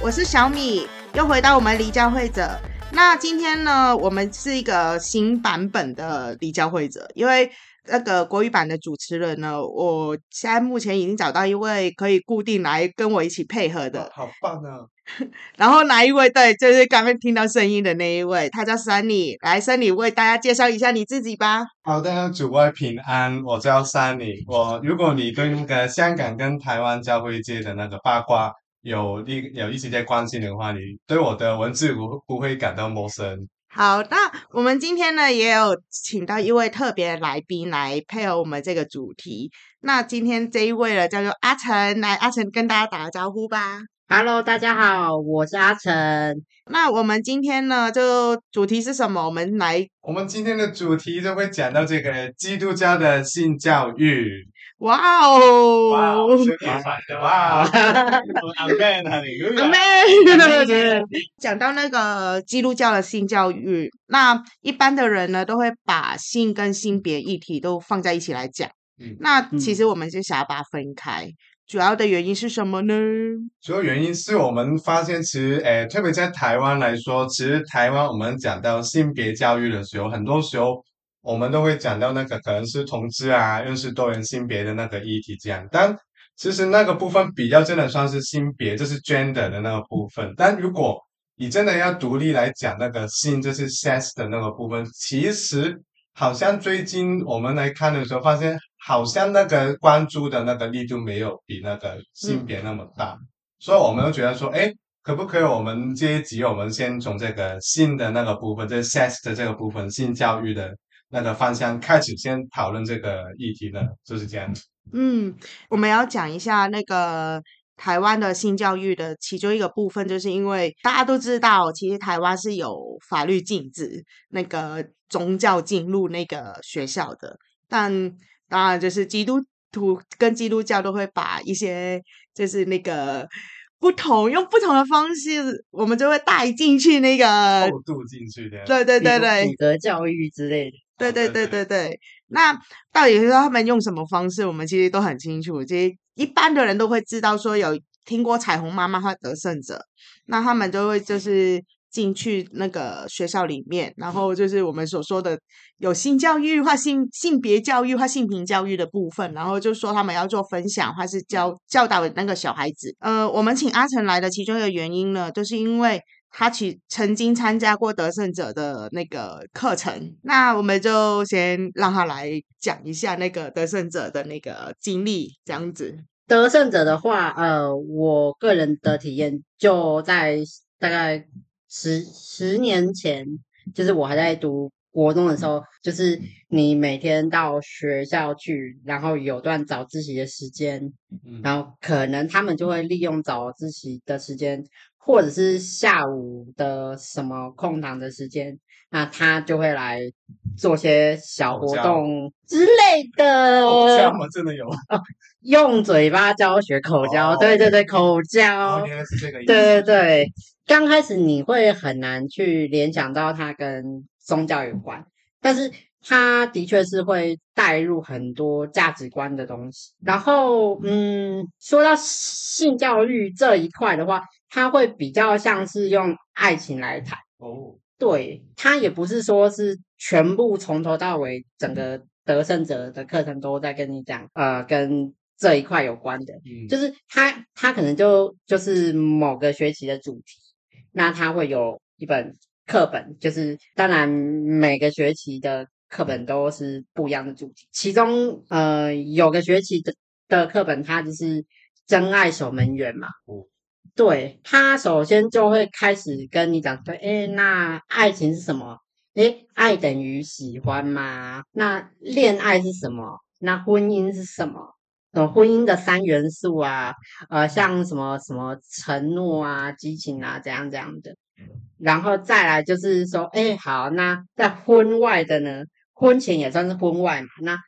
我是小米，又回到我們離教會者。那今天呢，我們是一個新版本的離教會者，因為那個國語版的主持人呢，我現在目前已經找到一位可以固定來跟我一起配合的，好棒啊！ 然後哪一位？對，就是剛剛聽到聲音的那一位，他叫 Sunny。來，Sunny，為大家介紹一下你自己吧。好的，大家主播平安，我叫 Sunny。我如果你對那個香港跟台灣教會界的那個八卦，有有一直在關心的話，你對我的文字不不會感到陌生。好，那我們今天呢也有請到一位特別的來賓來配合我們這個主題。那今天這一位呢叫做阿晨，來，阿晨跟大家打個招呼吧。Hello，大家好，我是阿晨。那我們今天呢就主題是什麼？我們來，我們今天的主題就會講到這個基督教的性教育。哇哦！哇，哦 ，講到那個基督教的性教育，嗯、那一般的人呢，都會把性跟性別議題都放在一起來講。嗯、那其實我們就想要把它分開，嗯、主要的原因是什麼呢？主要原因是我們發現，其實誒、呃，特別在台灣來說，其實台灣我們講到性別教育的時候，很多時候。我們都會講到那個可能是同志啊，認識多元性別的那個議題這樣，但其實那個部分比較真的算是性別，就是 gender 的那個部分。但如果你真的要獨立來講那個性，就是 sex 的那個部分，其實好像最近我們來看的時候，發現好像那個關注的那個力度沒有比那個性別那麼大，嗯、所以我們就覺得說，哎，可不可以我們這一集，我們先從這個性的那個部分，這、就是、sex 的這個部分性教育的。那個方向開始先討論這個議題呢，就是這樣子。嗯、我們要講一下那個台灣的性教育的其中一個部分，就是因為大家都知道，其實台灣是有法律禁止那個宗教進入那個學校的，但當然就是基督徒跟基督教都會把一些就是那個不同，用不同的方式，我們就會帶進去那個，偷渡進去的，對對對對，品格教育之類的。對對對對對，那到底是他們用什麼方式，我們其實都很清楚。其實一般的人都會知道，說有聽過彩虹媽媽或得勝者，那他們都會就是進去那個學校裡面，然後就是我們所說的有性教育和性、或性性別教育、或性平教育的部分，然後就說他們要做分享，或是教教導那個小孩子。呃，我們請阿晨來的其中一個原因呢，就是因為。他去曾經參加過得勝者的那個課程，那我們就先讓他來講一下那個得勝者的那個經歷，這樣子。得勝者的話，呃，我個人的體驗就在大概十十年前，就是我還在讀國中的時候，就是。你每天到學校去，然後有段早自習的時間，嗯、然後可能他們就會利用早自習的時間，或者是下午的什麼空檔的時間，那他就會來做些小活動之類的。口教。哦，口交嗎？真的有？哦、用嘴巴教學口教，口交、哦，對對對，哦、口交應該是這個意思。對對對，嗯、剛開始你會很難去聯想到它跟宗教有關，嗯、但是。他的確是會帶入很多價值觀的東西。然後，嗯，說到性教育這一塊的話，他會比較像是用愛情來談。哦，對，他也不是說是全部從頭到尾整個得勝者的課程都在跟你講，呃，跟這一塊有關的。嗯。就是他他可能就就是某個學期的主題，那他會有一本課本，就是當然每個學期的。課本都是不一樣的主題，其中呃，有個學期的的課本，它就是《真愛守門員》嘛。對，它首先就會開始跟你講說，哎，那愛情是什麼？誒，愛等於喜歡嗎？那戀愛是什麼？那婚姻是什麼？呃，婚姻的三元素啊，呃，像什麼什麼承諾啊、激情啊，這樣這樣的。然後再來就是說，誒，好，那在婚外的呢？婚前也算是婚外嘛？那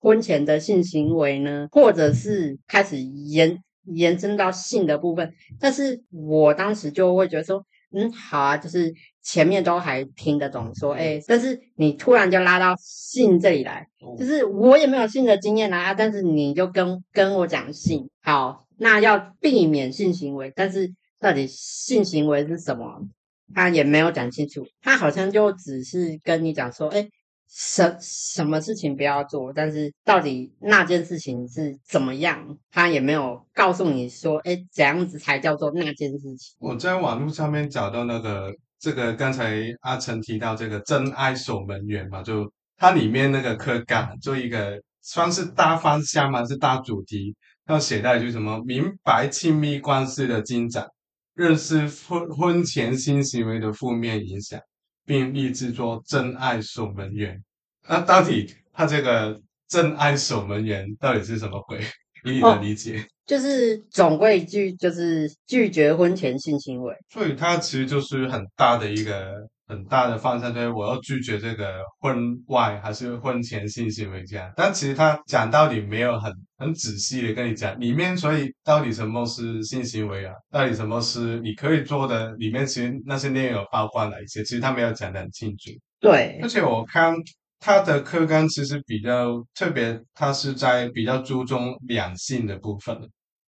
婚前的性行為呢？或者是開始延延伸到性的部分？但是我當時就會覺得說，嗯，好啊，就是前面都還聽得懂，說，誒，欸，但是你突然就拉到性這裡來，就是我也沒有性的經驗啊，啊，但是你就跟跟我講性。好，那要避免性行為，但是到底性行為是什麼？他，啊，也沒有講清楚。他好像就只是跟你講說，誒，欸什什麼事情不要做，但是到底那件事情是怎麼樣，他也沒有告訴你說，哎，怎樣子才叫做那件事情？我在網絡上面找到那個，這個剛才阿晨提到這個真愛守門員嘛，就它裡面那個課綱，做一個算是大方向嘛，是大主題，要寫到就是什麼明白親密關係的進展，認識婚婚前性行為的負面影響。並立志做真愛守門員。那到底他這個真愛守門員到底是什麼鬼？以你的理解，哦、就是總會拒，就是拒絕婚前性行為。所以他其實就是很大的一個，很大的方向就是我要拒絕這個婚外，還是婚前性行為這樣，但其實他講到底沒有很很仔細的跟你講裡面，所以到底什麼是性行為啊？到底什麼是你可以做的？裡面其實那些內容包括哪一些？其實他沒有講得很清楚。對，而且我看他的課綱其實比較特別，他是在比較注重兩性的部分。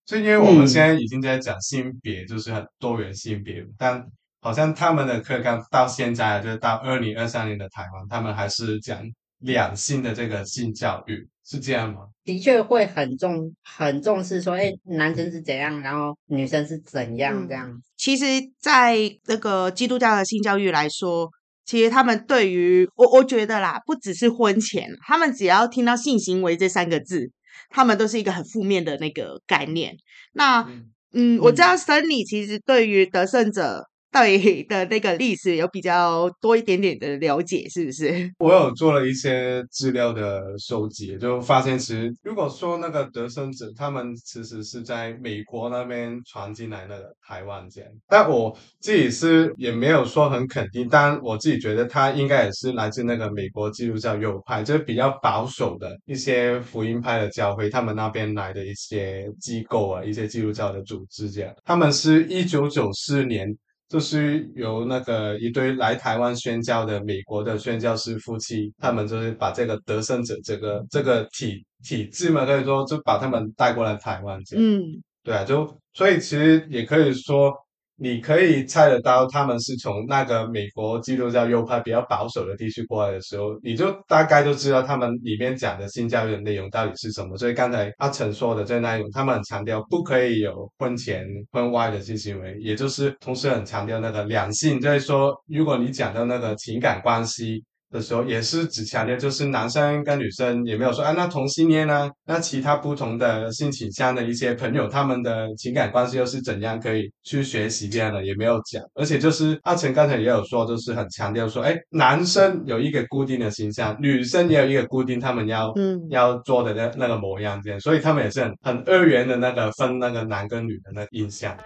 所以，因為我們現在已經在講性別，嗯、就是很多元性別，但。好像他們的課綱到現在就是到二零二三年的台灣，他們還是講兩性的這個性教育，是這樣嗎？的確會很重，很重視說，哎、嗯欸，男生是怎樣，然後女生是怎樣、嗯、這樣。其實，在那個基督教的性教育來說，其實他們對於我，我覺得啦，不只是婚前，他們只要聽到性行為這三個字，他們都是一個很負面的那個概念。那嗯，嗯，我知道生理其實對於得勝者。對的那個歷史有比較多一點點的了解，是不是？我有做了一些資料的收集，就發現其實如果說那個得勝者，他們其實是在美國那邊傳進來那個台灣這樣，但我自己是也沒有說很肯定，但我自己覺得他應該也是來自那個美國基督教右派，就是比較保守的一些福音派的教會，他們那邊來的一些機構啊，一些基督教的組織這樣，他們是一九九四年，就是由那個一堆來台灣宣教的美國的宣教士夫妻，他們就是把這個得勝者這個這個體體制嘛，可以說就把他們帶過來台灣。這樣嗯，對啊，就所以其實也可以說。你可以猜得到，他們是從那個美國基督教右派比較保守的地區過來的時候，你就大概就知道他們裡面講的性教育的內容到底是什麼。所以剛才阿晨說的這些內容，他們很強調不可以有婚前、婚外的性行為，也就是同時很強調那個兩性，就是說，如果你講到那個情感關係。的時候也是只強調就是男生跟女生，也沒有說啊，那同性戀呢、啊、那其他不同的性傾向的一些朋友他們的情感關係又是怎樣可以去學習這樣的，也沒有講。而且就是阿晨剛才也有說，就是很強調說哎，男生有一個固定的形象，女生也有一個固定他們要嗯要做的那那個模樣，這樣，所以他們也是很很二元的那個分那個男跟女的那印象。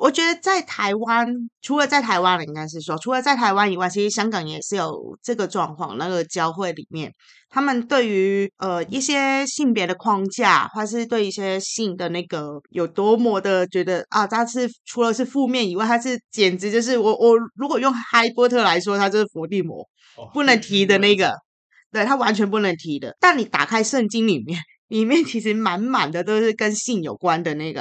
我覺得在台灣，除了在台灣了，應該是說，除了在台灣以外，其實香港也是有這個狀況。那個教會裡面，他們對於呃一些性別的框架，或是對一些性的那個有多麼的覺得啊，他是除了是負面以外，他是簡直就是我我如果用哈利波特來說，他就是伏地魔，哦，不能提的那個，哦那個。對他完全不能提的。但你打開聖經裡面。裡面其實滿滿的都是跟性有關的那個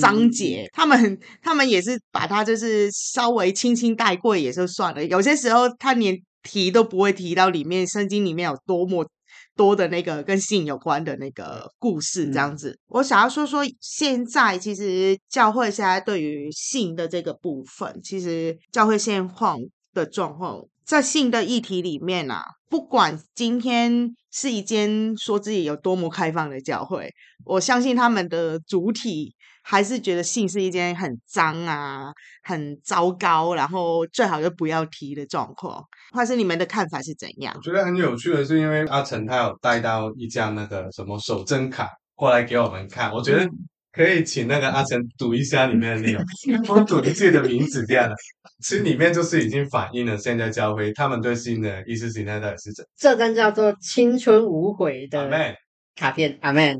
章節，嗯、他們他們也是把它就是稍微輕輕帶過也就算了，有些時候他連提都不會提到裡面，聖經裡面有多麼多的那個跟性有關的那個故事這樣子。嗯、我想要說說現在其實教會現在對於性的這個部分，其實教會現況的狀況。在性的議題裡面啊，不管今天是一間說自己有多麼開放的教會，我相信他們的主體還是覺得性是一件很髒啊、很糟糕，然後最好就不要提的狀況。或是你們的看法是怎樣？我覺得很有趣的是，因為阿晨他有帶到一張那個什麼守貞卡過來給我們看，我覺得、嗯。可以請那個阿晨讀一下裡面的內容， 我讀自己的名字這樣。其實裡面就是已經反映了現在教會他們對性的意識形態，到底是這這張叫做《青春無悔》的阿們卡片。阿們，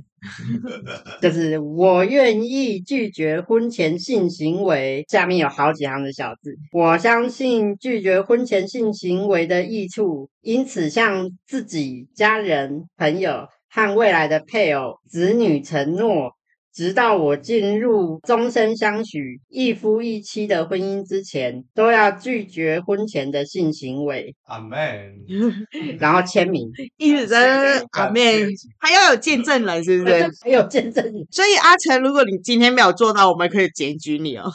就是我願意拒絕婚前性行為。下面有好幾行的小字，我相信拒絕婚前性行為的益處，因此向自己家人、朋友和未來的配偶、子女承諾，直到我進入終身相許、一夫一妻的婚姻之前，都要拒絕婚前的性行為。阿們然後簽名，一直在阿們還要有見證人，是不是？還有見證人。所以阿晨，如果你今天沒有做到，我們可以檢舉你哦。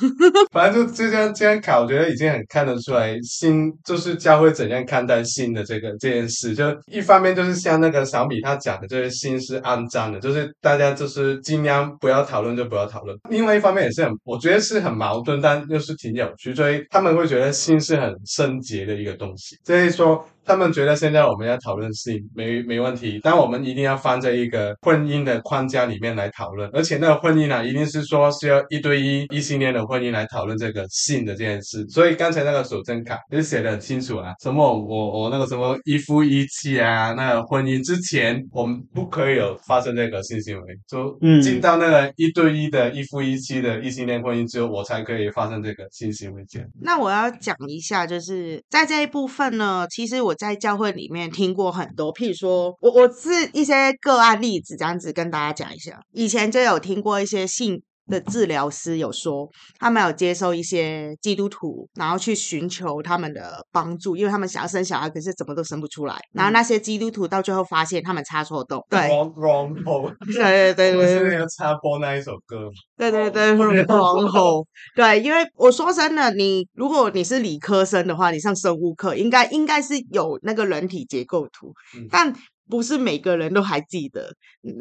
反正就這張這張卡，我覺得已經很看得出來，性就是教會怎樣看待性的這個這件事。就一方面就是像那個小米他講的，就是性是骯髒的，就是大家就是盡量不要。不要討論就不要討論。另外一方面也是很，我覺得是很矛盾，但又是挺有趣。所以他們會覺得性是很聖潔的一個東西。所以說。他們覺得現在我們要討論性沒沒問題，但我們一定要放在一個婚姻的框架裡面來討論，而且那個婚姻呢、啊，一定是說需要一對一、異性戀的婚姻來討論這個性的這件事。所以剛才那個守貞卡就寫得很清楚啊，什麼我我那個什麼一夫一妻啊，那個婚姻之前我們不可以有發生這個性行為，就進到那個一對一的一夫一妻的異性戀婚姻之後，我才可以發生這個性行為。那我要講一下，就是在這一部分呢，其實我。我在教會裡面聽過很多，譬如說，我我是一些個案例子，這樣子跟大家講一下。以前就有聽過一些信。的治療師有說，他們有接受一些基督徒，然後去尋求他們的幫助，因為他們想要生小孩，可是怎麼都生不出來。嗯、然後那些基督徒到最後發現他們插錯洞，對，wrong wrong hole，對 對對對對， 我是那個插播那一首歌，對對對,對 ，wrong hole，對，因為我說真的，你如果你是理科生的話，你上生物課應該應該是有那個人體結構圖，嗯、但。不是每個人都還記得，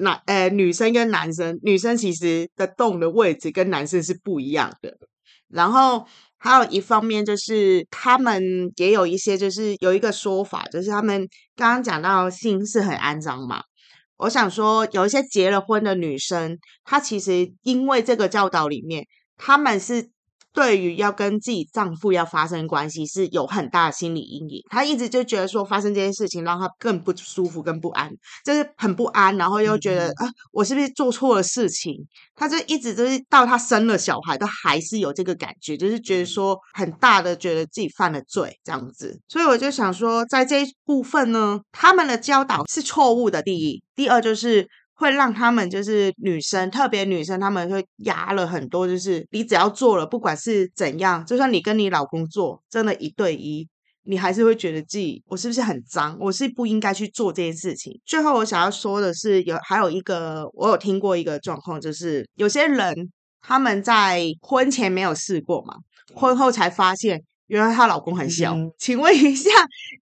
男呃，呃，女生跟男生，女生其實的洞的位置跟男生是不一樣的。然後還有一方面就是，他們也有一些就是有一個說法，就是他們剛剛講到性是很骯髒嘛。我想說，有一些結了婚的女生，她其實因為這個教導裡面，他們是。對於要跟自己丈夫要發生關係是有很大的心理陰影，她一直就覺得說發生這件事情讓她更不舒服、更不安，就是很不安，然後又覺得啊，我是不是做錯了事情？她就一直就是到她生了小孩，都還是有這個感覺，就是覺得說很大的覺得自己犯了罪這樣子。所以我就想說，在這一部分呢，他們的教導是錯誤的。第一，第二就是。會讓他們就是女生，特別女生，他們會壓了很多。就是你只要做了，不管是怎樣，就算你跟你老公做，真的一對一，你還是會覺得自己我是不是很髒？我是不應該去做這件事情。最後我想要說的是，有還有一個我有聽過一個狀況，就是有些人他們在婚前沒有試過嘛，婚後才發現。原來她老公很小，嗯、請問一下，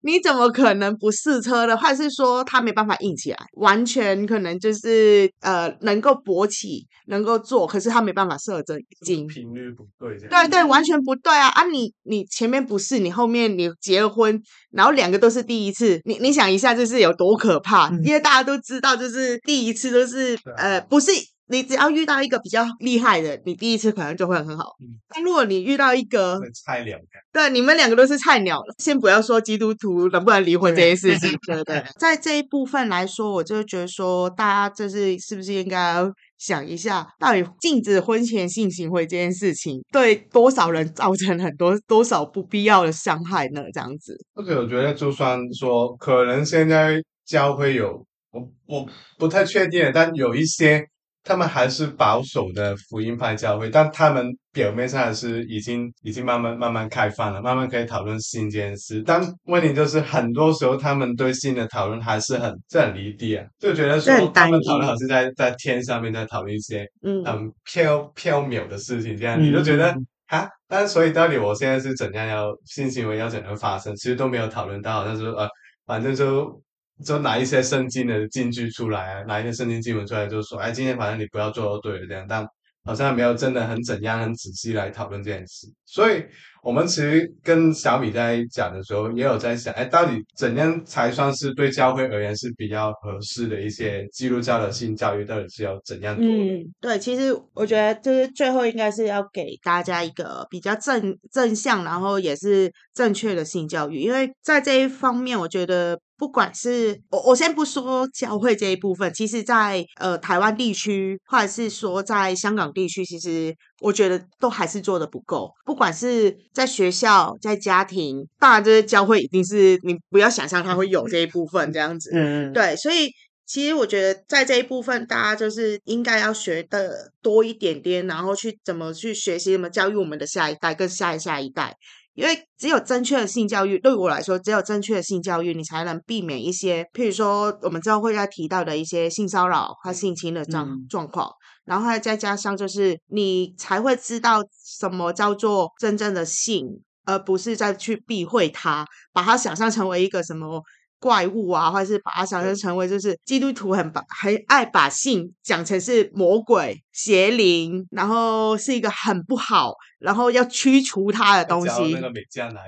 你怎麼可能不試車的？還是說他沒辦法硬起來？完全可能就是呃，能夠勃起，能夠做，可是他沒辦法射這精，是是頻率不對，對對，完全不對啊！啊，你你前面不是，你後面你結婚，然後兩個都是第一次，你你想一下，就是有多可怕？嗯、因為大家都知道，就是第一次都、就是、嗯、呃，不是。你只要遇到一個比較厲害的，你第一次可能就會很好。嗯，但如果你遇到一個菜鳥，對你們兩個都是菜鳥，先不要說基督徒能不能離婚這件事情。對，對不對？ 在這一部分來說，我就覺得說，大家就是是不是應該要想一下，到底禁止婚前性行為這件事情，對多少人造成很多多少不必要的傷害呢？這樣子，而且我覺得，就算說可能現在教會有，我不，我不太確定，但有一些。他們還是保守的福音派教會，但他們表面上是已經、已經慢慢、慢慢開放了，慢慢可以討論性這件事。但問題就是，很多時候他們對性的討論還是很、這很離地啊，就覺得說他們討論好像在在天上面在討論一些很嗯很飄飄渺的事情，這樣你就覺得、嗯、啊，那所以到底我現在是怎樣要性行為要怎樣發生，其實都沒有討論到，就是啊，反正就。就拿一些聖經的金句出來啊，拿一些聖經經文出來，就說：“哎，今天反正你不要做錯對了，這樣。”但好像沒有真的很怎樣、很仔細來討論這件事。所以，我們其實跟小米在講的時候，也有在想：“哎，到底怎樣才算是對教會而言是比較合適的一些基督教的性教育？到底是要怎樣做？”嗯，對。其實我覺得，就是最後應該是要給大家一個比較正正向，然後也是正確的性教育，因為在這一方面，我覺得。不管是我，我先不說教會這一部分，其實在，在呃台灣地區，或者是說在香港地區，其實我覺得都還是做得不夠。不管是在學校，在家庭，當然這些教會，一定是你不要想象它會有這一部分 這樣子。嗯嗯。對，所以其實我覺得在這一部分，大家就是應該要學的多一點點，然後去怎麼去學習，怎麼教育我們的下一代，跟下一下一代。因為只有正確的性教育，對我來說，只有正確的性教育，你才能避免一些，譬如說我們之後會再提到的一些性騷擾和性侵的這樣狀況。嗯、然後再加上就是你才會知道什麼叫做真正的性，而不是再去避諱它，把它想象成為一個什麼。怪物啊，或者是把它想像成為就是基督徒很把，很愛把性講成是魔鬼邪靈，然後是一個很不好，然後要驅除它的東西。我那個美加奶，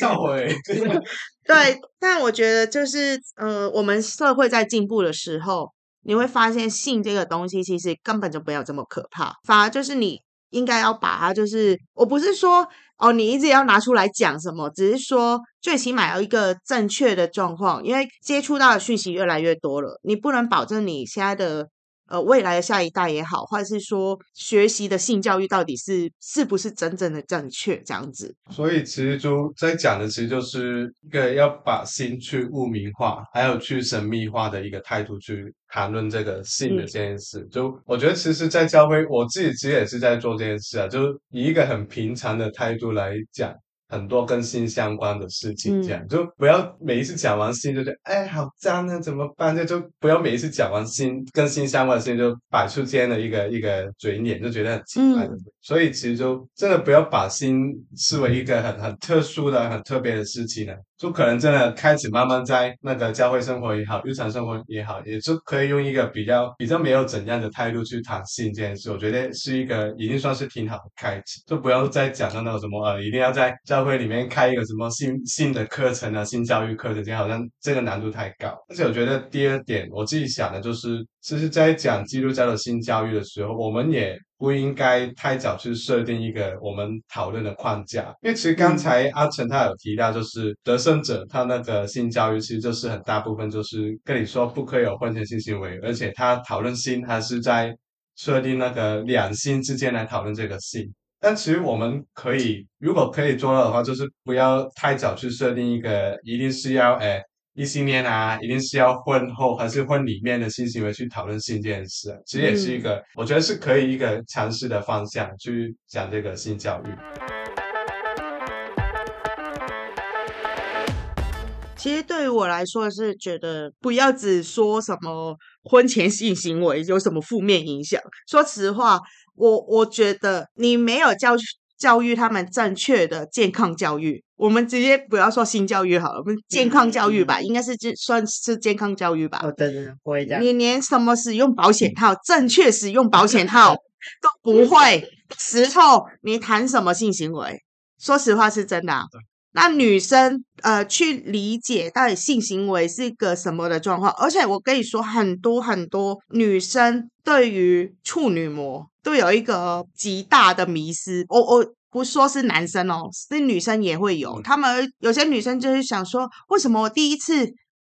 笑回對，但我覺得就是呃，我們社會在進步的時候，你會發現性這個東西其實根本就沒有這麼可怕，反而就是你應該要把它就是，我不是說。哦，你一直要拿出來講什麼？只是說最起碼要一個正確的狀況，因為接觸到的訊息越來越多了，你不能保證你現在的。呃，未來的下一代也好，或者是說學習的性教育，到底是是不是真正的正確？這樣子，所以其實就在講的，其實就是一個要把性去污名化，還有去神秘化的一個態度去談論這個性的這件事。嗯、就我覺得，其實在教會我自己，其實也是在做這件事啊，就以一個很平常的態度來講。很多跟性相關的事情，這樣就不要每一次講完性就覺得、嗯、哎，好髒啊，怎麼辦？就不要每一次講完性，跟性相關的事情就擺出這樣的一個一個嘴臉，就覺得很奇怪的。嗯、所以其實就真的不要把性視為一個很很特殊的、很特別的事情了。就可能真的開始慢慢在那個教會生活也好，日常生活也好，也就可以用一個比較比較沒有怎樣的態度去談性這件事。我覺得是一個已經算是挺好的開始，就不要再講到那種什麼呃、啊，一定要在教會裡面開一個什麼性性的課程啊，性教育課程，就好像這個難度太高。而且我覺得第二點，我自己想的就是，其實，在講基督教的性教育的時候，我們也。不應該太早去設定一個我們討論的框架，因為其實剛才阿晨他有提到，就是得勝者他那個性教育其實就是很大部分就是跟你說不可以有婚前性行為，而且他討論性，他是在設定那個兩性之間來討論這個性。但其實我們可以，如果可以做到的話，就是不要太早去設定一個，一定是要哎。異性戀啊，一定是要婚後還是婚裡面的性行為去討論性這件事，其實也是一個，嗯、我覺得是可以一個嘗試的方向去講這個性教育。其實對於我來說是覺得不要只說什麼婚前性行為有什麼負面影響。說實話，我我覺得你沒有教教育他們正確的健康教育，我們直接不要說性教育好了，我們健康教育吧，應該是算算是健康教育吧。哦，對對，會你連什麼使用保險套，正確使用保險套都不會，石頭，你談什麼性行為？說實話是真的啊。那女生呃，去理解到底性行為是一個什麼的狀況，而且我跟你說，很多很多女生對於處女膜。都有一個極大的迷思，我、oh, 我、oh, 不說是男生哦，是女生也會有。他們有些女生就是想說，為什麼我第一次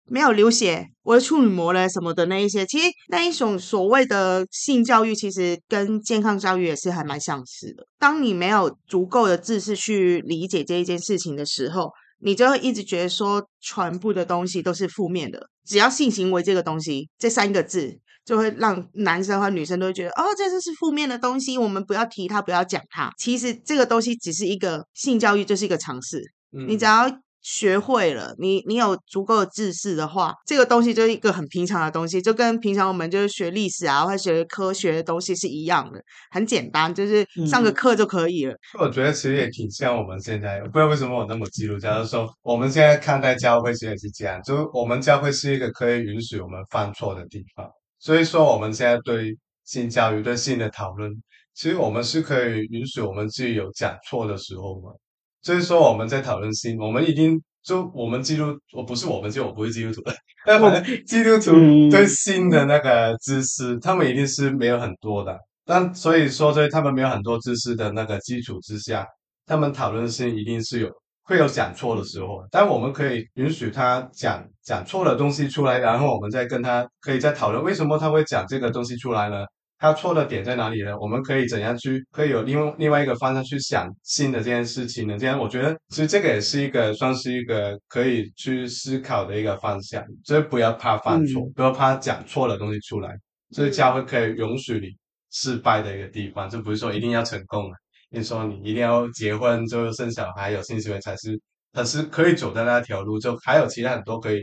沒有流血，我的處女膜呢什麼的那一些。其實那一種所謂的性教育，其實跟健康教育也是還蠻相似的。當你沒有足夠的知識去理解這一件事情的時候，你就會一直覺得說，全部的東西都是負面的，只要性行為這個東西這三個字。就會讓男生或女生都會覺得哦，這就是負面的東西，我們不要提它，不要講它。其實這個東西只是一個性教育，就是一個嘗試。嗯、你只要學會了，你你有足夠的知識的話，這個東西就是一個很平常的東西，就跟平常我們就是學歷史啊，或學科學的東西是一樣的，很簡單，就是上個課就可以了。嗯、我覺得其實也挺像我們現在，不知道為什麼我那麼嫉妒，假如說我們現在看待教會是也是這樣，就我們教會是一個可以允許我們犯錯的地方。所以說，我們現在對性教育、對性的討論，其實我們是可以允許我們自己有講錯的時候嘛。所以說，我們在討論性，我們一定就我們基督我不是我們基督我不是基督徒的，但基督徒對性的那個知識，嗯、他們一定是沒有很多的。但所以說，在他們沒有很多知識的那個基礎之下，他們討論性一定是有會有講錯的時候，但我們可以允許他講講錯的東西出來，然後我們再跟他可以再討論為什麼他會講這個東西出來呢？他錯的點在哪裡呢？我們可以怎樣去可以有另另外一個方向去想新的這件事情呢？這樣我覺得其實這個也是一個算是一個可以去思考的一個方向，所以不要怕犯錯，嗯、不要怕講錯的東西出來，所以教會可以允許你失敗的一個地方，就不是說一定要成功啊。你說你一定要結婚就生小孩，有性行為才是，可是可以走的那條路，就還有其他很多可以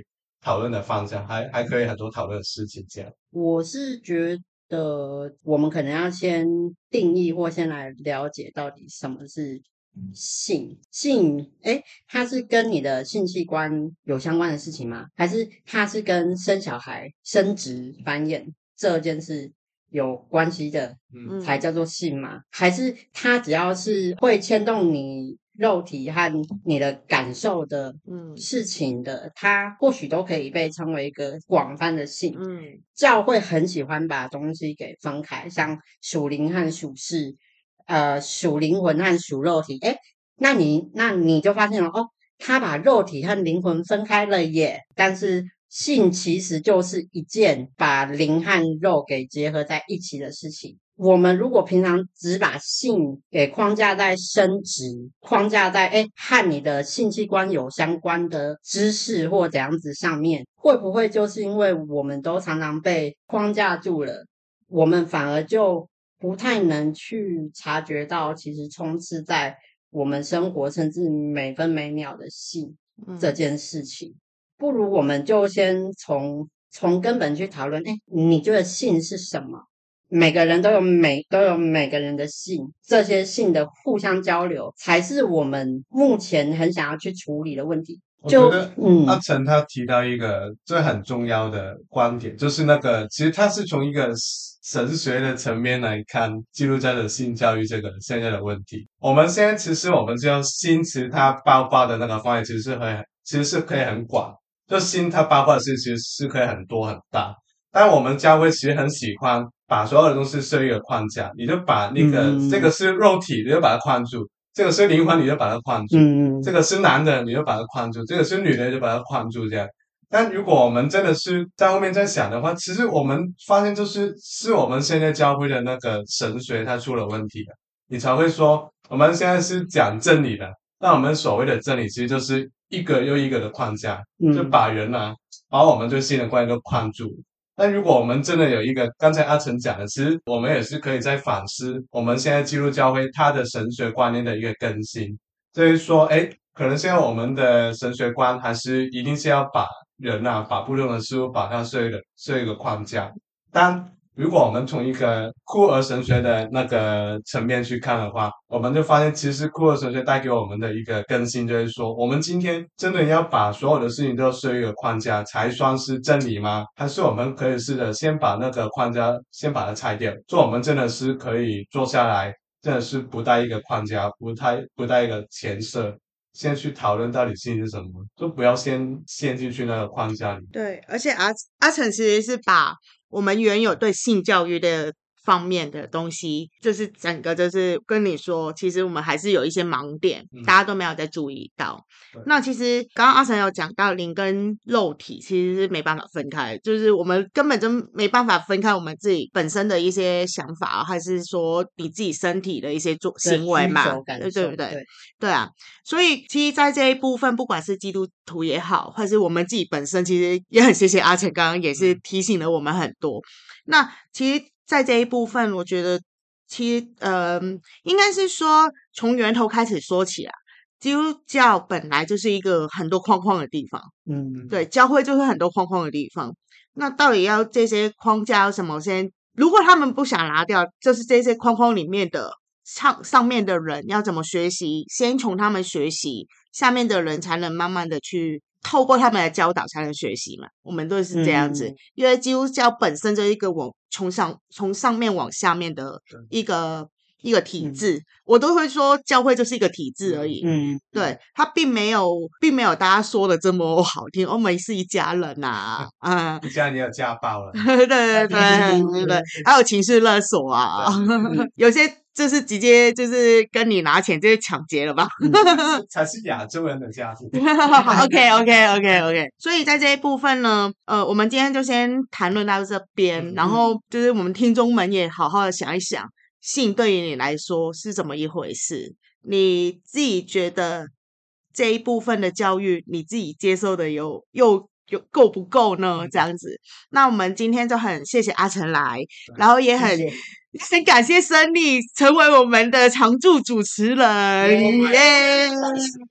討論的方向，還還可以很多討論的事情。這樣，我是覺得我們可能要先定義或先來了解到底什麼是性、嗯、性？誒、欸，它是跟你的性器官有相關的事情嗎？還是它是跟生小孩、生殖、繁衍這件事？有關係的，嗯，才叫做性嘛？嗯、還是他只要是會牽動你肉體和你的感受的，嗯，事情的，他或許都可以被稱為一個廣泛的性。嗯，教會很喜歡把東西給分開，像屬靈和屬世，呃，屬靈魂和屬肉體。哎、欸，那你那你就發現了哦，他把肉體和靈魂分開了耶，但是。性其實就是一件把靈和肉給結合在一起的事情。我們如果平常只把性給框架在生殖，框架在哎和你的性器官有相關的知識或怎樣子上面，會不會就是因為我們都常常被框架住了，我們反而就不太能去察覺到，其實充斥在我們生活甚至每分每秒的性、嗯、這件事情。不如我們就先從從根本去討論。哎，你覺得性是什麼？每個人都有每都有每個人的性，這些性的互相交流，才是我們目前很想要去處理的問題。就我覺得，嗯，阿晨他提到一個最很重要的觀點，就是那個其實他是從一個神學的層面來看基督教的性教育這個現在的問題。我們現在其實我們就要其實他爆發的那個範圍其實是會，其實是可以很廣。就心，它包括的東西是可以很多很大，但我們教會其實很喜歡把所有的東西設一個框架，你就把那個、嗯、這個是肉體，你就把它框住；這個是靈魂，你就把它框住；嗯、這個是男的，你就把它框住；這個是女的，就把它框住。這樣，但如果我們真的是在後面在想的話，其實我們發現就是是我們現在教會的那個神學它出了問題的，你才會說我們現在是講真理的。那我們所謂的真理，其實就是一個又一個的框架，嗯、就把人啊，把我們最新的觀念都框住。但如果我們真的有一個，剛才阿晨講的，其實我們也是可以在反思我們現在基督教會他的神學觀念的一個更新。就是說，哎，可能現在我們的神學觀還是一定是要把人吶、啊，把不同的事物把它設一個設一個框架，但如果我們從一個酷兒神學的那個層面去看的話，我們就發現，其實酷兒神學帶給我們的一個更新，就是說，我們今天真的要把所有的事情都設一個框架，才算是真理嗎？還是我們可以試着先把那個框架先把它拆掉？就我們真的是可以坐下來，真的是不帶一個框架，不帶不帶一個前設，先去討論到底信息是什麼，就不要先陷進去那個框架裡。對，而且阿阿晨其實是把。我們原有對性教育的。方面的東西，就是整個就是跟你說，其實我們還是有一些盲點，大家都沒有在注意到。嗯、那其實剛剛阿晨有講到，靈跟肉體其實是沒辦法分開，就是我們根本就沒辦法分開我們自己本身的一些想法，還是說你自己身體的一些做對行為嘛，對不對？對,對啊，所以其實在這一部分，不管是基督徒也好，或是我們自己本身，其實也很謝謝阿晨，剛剛也是提醒了我們很多。嗯、那其實。在這一部分，我覺得，其實，嗯、呃，應該是說從源頭開始說起啊。基督教本來就是一個很多框框的地方，嗯，對，教會就是很多框框的地方。那到底要這些框架要什麼先？如果他們不想拿掉，就是這些框框裡面的上上面的人要怎麼學習？先從他們學習，下面的人才能慢慢的去透過他們來教導，才能學習嘛。我們都是這樣子，嗯、因為基督教本身就一個我。從上從上面往下面的一個對一個體制，嗯、我都會說教會就是一個體制而已。嗯，對，嗯、它並沒有並沒有大家說的這麼好聽。歐美是一家人吶，啊，啊一家人也有家暴了，對對對對，對對對對 還有情緒勒索啊，嗯、 有些。就是直接就是跟你拿錢就是搶劫了吧，嗯，才是亞洲人的家庭 OK OK OK OK，所以在這一部分呢，呃，我們今天就先談論到這邊，嗯、哼然後就是我們聽眾們也好好的想一想，性對於你來說是怎麼一回事？你自己覺得這一部分的教育你自己接受的有又？有就夠不夠呢？這樣子，嗯、那我們今天就很謝謝阿晨來，嗯、然後也很、嗯、很感謝 Sunny 成為我們的常駐主持人。耶！耶、嗯、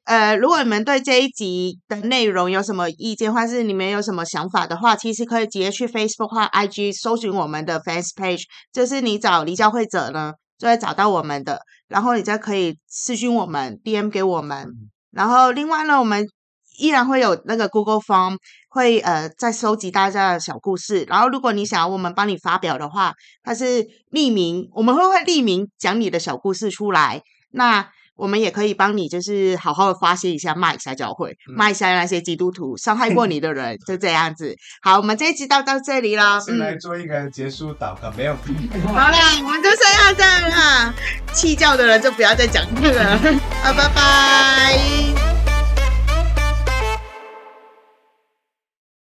呃，如果你們對這一集的內容有什麼意見，或者是你們有什麼想法的話，其實可以直接去 Facebook 或 IG 搜尋我們的 Fans Page，就是你找離教會者呢，就會找到我們的，然後你就可以私信我們，DM 給我們。嗯、然後另外呢，我們。依然會有那個 Google Form 會呃在收集大家的小故事，然後如果你想要我們幫你發表的話，它是匿名，我們會會匿名講你的小故事出來，那我們也可以幫你就是好好的發洩一下，罵一下教會，罵、嗯、一下那些基督徒傷害過你的人， 就這樣子。好，我們這一集到到這裡了，嗯、來做一個結束禱告、啊，沒有？ 好啦，我們就剩到這啦。棄教的人就不要再講了，好、 啊，拜拜。